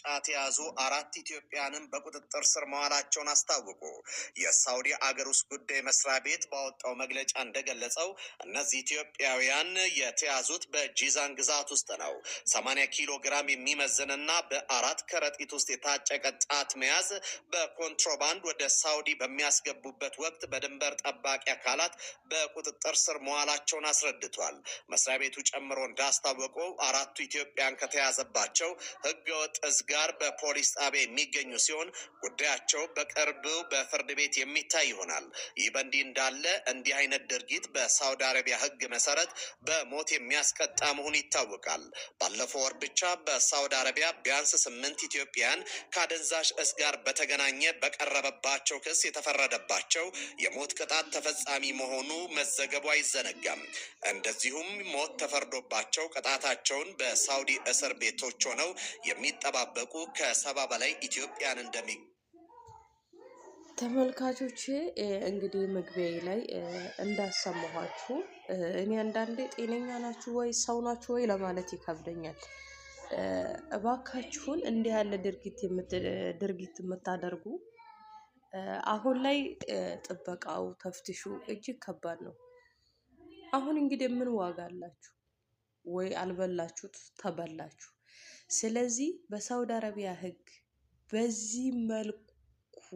ጫት የያዙ አራት ኢትዮጵያንም በቁጥጥር ስር መዋላቸውን አስታወቁ። የሳውዲ አገር ውስጥ ጉዳይ መስሪያ ቤት ባወጣው መግለጫ እንደገለጸው እነዚህ ኢትዮጵያውያን የተያዙት በጂዛን ግዛት ውስጥ ነው። 80 ኪሎ ግራም የሚመዝንና በአራት ከረጢት ውስጥ የታጨቀ ጫት መያዝ በኮንትሮባንድ ወደ ሳውዲ በሚያስገቡበት ወቅት በድንበር ጠባቂ አካላት በቁጥጥር ስር መዋላቸውን አስረድቷል። መስሪያ ቤቱ ጨምሮ እንዳስታወቀው አራቱ ኢትዮጵያን ከተያዘባቸው ህገወጥ ጋር በፖሊስ ጣቢያ የሚገኙ ሲሆን ጉዳያቸው በቅርብ በፍርድ ቤት የሚታይ ይሆናል። ይህ በእንዲህ እንዳለ እንዲህ አይነት ድርጊት በሳውዲ አረቢያ ሕግ መሰረት በሞት የሚያስቀጣ መሆኑ ይታወቃል። ባለፈው ወር ብቻ በሳውዲ አረቢያ ቢያንስ ስምንት ኢትዮጵያን ከአደንዛዥ እጽ ጋር በተገናኘ በቀረበባቸው ክስ የተፈረደባቸው የሞት ቅጣት ተፈጻሚ መሆኑ መዘገቡ አይዘነጋም። እንደዚሁም ሞት ተፈርዶባቸው ቅጣታቸውን በሳውዲ እስር ቤቶች ሆነው የሚጠባበ ሲጠባበቁ ከሰባ በላይ ኢትዮጵያን እንደሚ ተመልካቾቼ እንግዲህ መግቢያ ላይ እንዳሰማኋችሁ እኔ አንዳንዴ ጤነኛ ናችሁ ወይ ሰው ናችሁ ወይ ለማለት ይከብደኛል። እባካችሁን እንዲህ ያለ ድርጊት የምታደርጉ አሁን ላይ ጥበቃው፣ ተፍትሹ እጅግ ከባድ ነው። አሁን እንግዲህ ምን ዋጋ አላችሁ ወይ? አልበላችሁት፣ ተበላችሁ። ስለዚህ በሳውዲ አረቢያ ህግ በዚህ መልኩ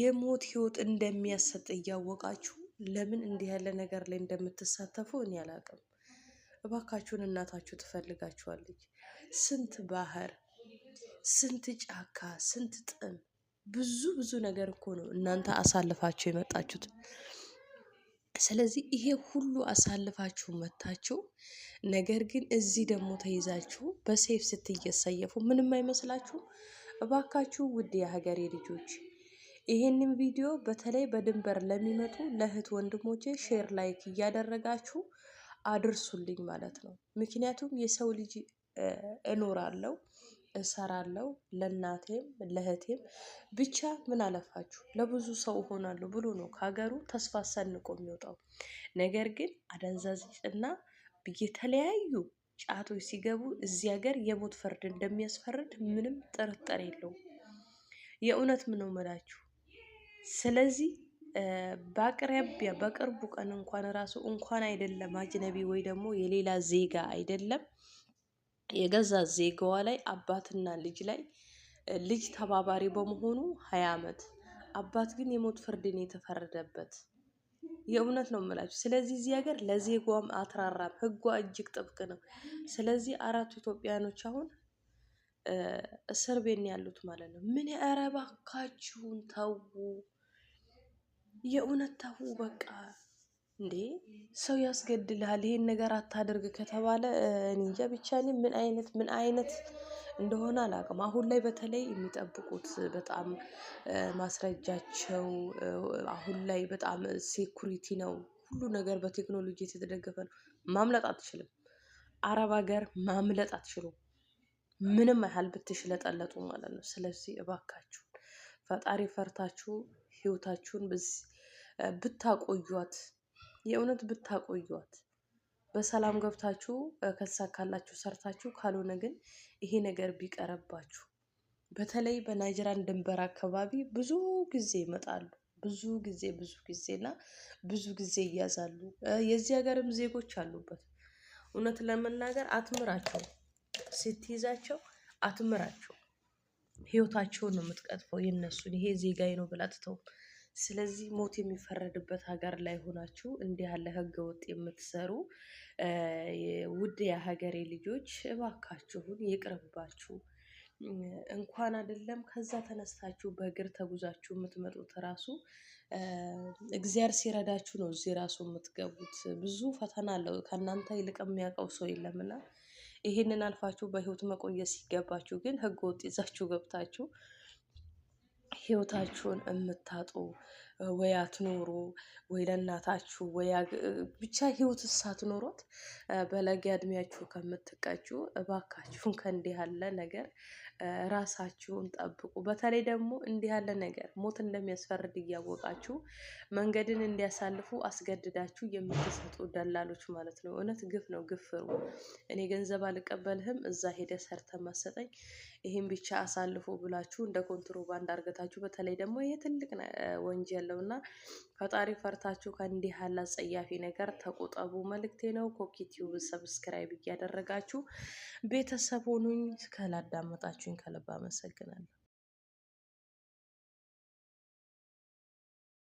የሞት ህይወት እንደሚያሰጥ እያወቃችሁ ለምን እንዲህ ያለ ነገር ላይ እንደምትሳተፉ እኔ አላቅም። እባካችሁን እናታችሁ ትፈልጋችኋለች። ስንት ባህር፣ ስንት ጫካ፣ ስንት ጥም፣ ብዙ ብዙ ነገር እኮ ነው እናንተ አሳልፋችሁ የመጣችሁት። ስለዚህ ይሄ ሁሉ አሳልፋችሁ መታችሁ፣ ነገር ግን እዚህ ደግሞ ተይዛችሁ በሴፍ ስትየሰየፉ ምንም አይመስላችሁ? እባካችሁ ውድ የሀገሬ ልጆች ይሄንን ቪዲዮ በተለይ በድንበር ለሚመጡ ለእህት ወንድሞቼ ሼር ላይክ እያደረጋችሁ አድርሱልኝ ማለት ነው። ምክንያቱም የሰው ልጅ እኖራለሁ እሰራለሁ ለእናቴም ለእህቴም ብቻ ምን አለፋችሁ ለብዙ ሰው እሆናለሁ ብሎ ነው ከሀገሩ ተስፋ ሰንቆ የሚወጣው። ነገር ግን አደንዛዥ እና የተለያዩ ጫቶች ሲገቡ እዚህ ሀገር የሞት ፍርድ እንደሚያስፈርድ ምንም ጥርጥር የለው። የእውነት ነው ምላችሁ ስለዚህ በአቅራቢያ በቅርቡ ቀን እንኳን ራሱ እንኳን አይደለም አጅነቢ ወይ ደግሞ የሌላ ዜጋ አይደለም የገዛ ዜጋዋ ላይ አባትና ልጅ ላይ ልጅ ተባባሪ በመሆኑ ሀያ ዓመት አባት ግን የሞት ፍርድን የተፈረደበት የእውነት ነው የምላችሁ። ስለዚህ እዚህ ሀገር ለዜጓም አትራራም፣ ህጓ እጅግ ጥብቅ ነው። ስለዚህ አራቱ ኢትዮጵያኖች አሁን እስር ቤት ያሉት ማለት ነው። ምን ያረባካችሁን ተዉ፣ የእውነት ተዉ በቃ። እንዴ ሰው ያስገድልሃል፣ ይሄን ነገር አታደርግ ከተባለ እንጃ ብቻ እኔ ምን አይነት ምን አይነት እንደሆነ አላውቅም። አሁን ላይ በተለይ የሚጠብቁት በጣም ማስረጃቸው አሁን ላይ በጣም ሴኩሪቲ ነው፣ ሁሉ ነገር በቴክኖሎጂ የተደገፈ ነው። ማምለጥ አትችልም። አረብ ሀገር ማምለጥ አትችሉም። ምንም ያህል ብትሽለጠለጡ ማለት ነው። ስለዚህ እባካችሁ ፈጣሪ ፈርታችሁ ህይወታችሁን ብታቆዩት የእውነት ብታቆዩት በሰላም ገብታችሁ ከተሳካላችሁ ሰርታችሁ፣ ካልሆነ ግን ይሄ ነገር ቢቀረባችሁ። በተለይ በናይጀራን ድንበር አካባቢ ብዙ ጊዜ ይመጣሉ። ብዙ ጊዜ ብዙ ጊዜና ብዙ ጊዜ እያዛሉ የዚህ ሀገርም ዜጎች አሉበት። እውነት ለመናገር አትምራቸው፣ ስትይዛቸው አትምራቸው። ህይወታቸውን ነው የምትቀጥፈው የነሱን። ይሄ ዜጋዬ ነው ብላ ትተው ስለዚህ ሞት የሚፈረድበት ሀገር ላይ ሆናችሁ እንዲህ ያለ ህገ ወጥ የምትሰሩ ውድ የሀገሬ ልጆች እባካችሁን ይቅርባችሁ። እንኳን አይደለም ከዛ ተነስታችሁ በእግር ተጉዛችሁ የምትመጡት ራሱ እግዚአብሔር ሲረዳችሁ ነው እዚህ ራሱ የምትገቡት። ብዙ ፈተና አለው። ከእናንተ ይልቅ የሚያውቀው ሰው የለምና ይህንን አልፋችሁ በህይወት መቆየት ሲገባችሁ ግን ህገ ወጥ ይዛችሁ ገብታችሁ ህይወታችሁን የምታጡ ወይ አትኖሩ ወይ ለእናታችሁ ወይ ብቻ ህይወት ሳትኖሮት በለጋ እድሜያችሁ ከምትቀጩ እባካችሁን ከእንዲህ ያለ ነገር ራሳችሁን ጠብቁ። በተለይ ደግሞ እንዲህ ያለ ነገር ሞት እንደሚያስፈርድ እያወቃችሁ መንገድን እንዲያሳልፉ አስገድዳችሁ የምትሰጡ ደላሎች ማለት ነው። እውነት ግፍ ነው፣ ግፍ እኔ ገንዘብ አልቀበልህም፣ እዛ ሄደ ሰርተ መሰጠኝ ይህም ብቻ አሳልፎ ብላችሁ እንደ ኮንትሮባንድ አርገታችሁ። በተለይ ደግሞ ይሄ ትልቅ ወንጀል ብያለሁ እና ፈጣሪ ፈርታችሁ ከእንዲህ ያለ አጸያፊ ነገር ተቆጠቡ መልእክቴ ነው። ኮኪቲዩብ ሰብስክራይብ እያደረጋችሁ ቤተሰብ ሆኑኝ። ካላዳመጣችሁኝ ከልብ አመሰግናለሁ።